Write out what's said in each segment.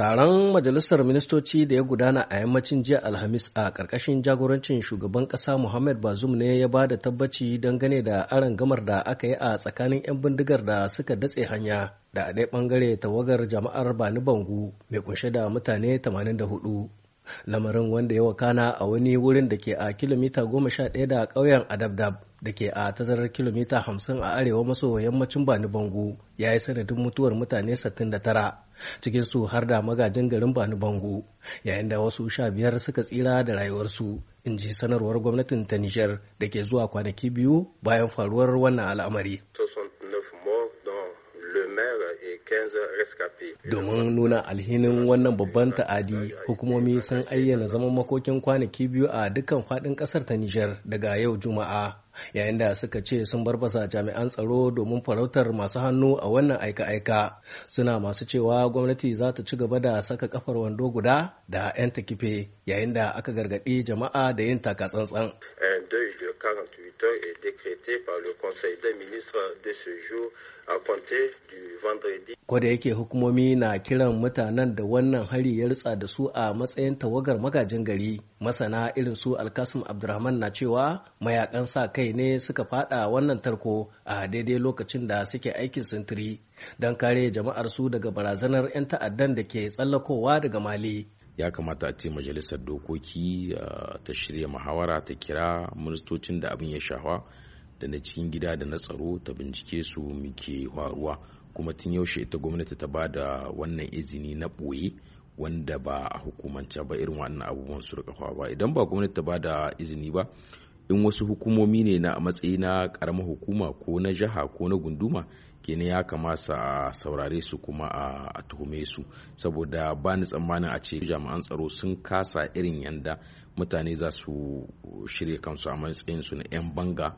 Taron Majalisar Ministoci da ya gudana a yammacin jiya Alhamis a ƙarƙashin jagorancin shugaban ƙasa Muhammad Bazoum ne ya ba da tabbaci dangane da aron gamar da aka yi a tsakanin 'yan bindigar da suka datse hanya da a ɗaya bangare, tawagar jama'ar Bani Bangu mai kunshe da mutane 84. lamarin wanda ya wakana a wani wurin da ke a kilomita goma sha ɗaya da ƙauyen adabdab da ke a tazarar kilomita hamsin a arewa maso yammacin bani bango ya yi sanadin mutuwar mutane 69 cikin su har da magajin garin bani bango yayin da wasu sha biyar suka tsira da rayuwarsu in ji sanarwar gwamnatin ta nijar da ke zuwa kwanaki biyu bayan faruwar wannan al'amari. Domin nuna alhinin wannan babban ta'adi, hukumomi sun ayyana zaman makokin kwanaki biyu a dukkan faɗin ƙasar ta Nijar daga yau Juma'a. yayin da suka ce sun barbasa jami'an tsaro domin farautar masu hannu a wannan aika-aika suna masu cewa gwamnati za ta ci gaba da saka kafar wando guda da 'yan takife yayin da aka gargaɗi jama'a da yin takatsantsan. Ko da yake hukumomi na kiran mutanen da wannan hari ya ritsa da su a matsayin tawagar magajin gari masana irin su alkasim Abdulrahman na cewa mayakan sa kai kai ne suka fada wannan tarko a daidai lokacin da suke aikin sintiri don kare jama'ar su daga barazanar 'yan ta'addan da ke tsallakowa daga mali ya kamata a ce majalisar dokoki ta shirya muhawara ta kira ministocin da abin ya shawa da na cikin gida da na tsaro ta bincike su muke faruwa kuma tun yaushe ita gwamnati ta ba da wannan izini na ɓoye wanda ba a hukumance ba irin wannan abubuwan su rika ba idan ba gwamnati ta ba da izini ba in wasu hukumomi ne na matsayi na karamar hukuma ko na jiha ko na gunduma kenan ya kamata a saurare su kuma a tuhume su saboda ba ni tsammanin a ce jami'an tsaro sun kasa irin yanda mutane za su shirya kansu a matsayin su na 'yan banga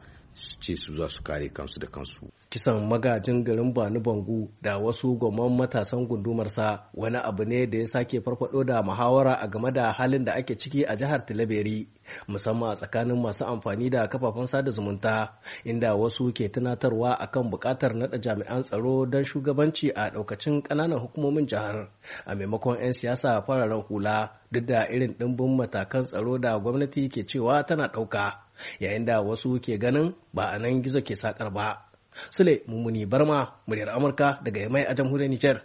ce su za su kare kansu da kansu kisan magajin garin Bani Bangu da wasu gwamman matasan gundumarsa wani abu ne da ya sake farfado da muhawara a game da halin da ake ciki a jihar Tilaberi musamman a tsakanin masu amfani da kafafen sada zumunta inda wasu ke tunatarwa a kan bukatar nada jami'an tsaro don shugabanci a daukacin kananan hukumomin jihar a maimakon 'yan siyasa fararen hula duk da irin dimbin matakan tsaro da gwamnati ke cewa tana dauka yayin da wasu ke ganin ba a nan gizo ke sakar ba Sule muni Barma, muryar Amurka daga Yamai a jamhuriyar Nijar.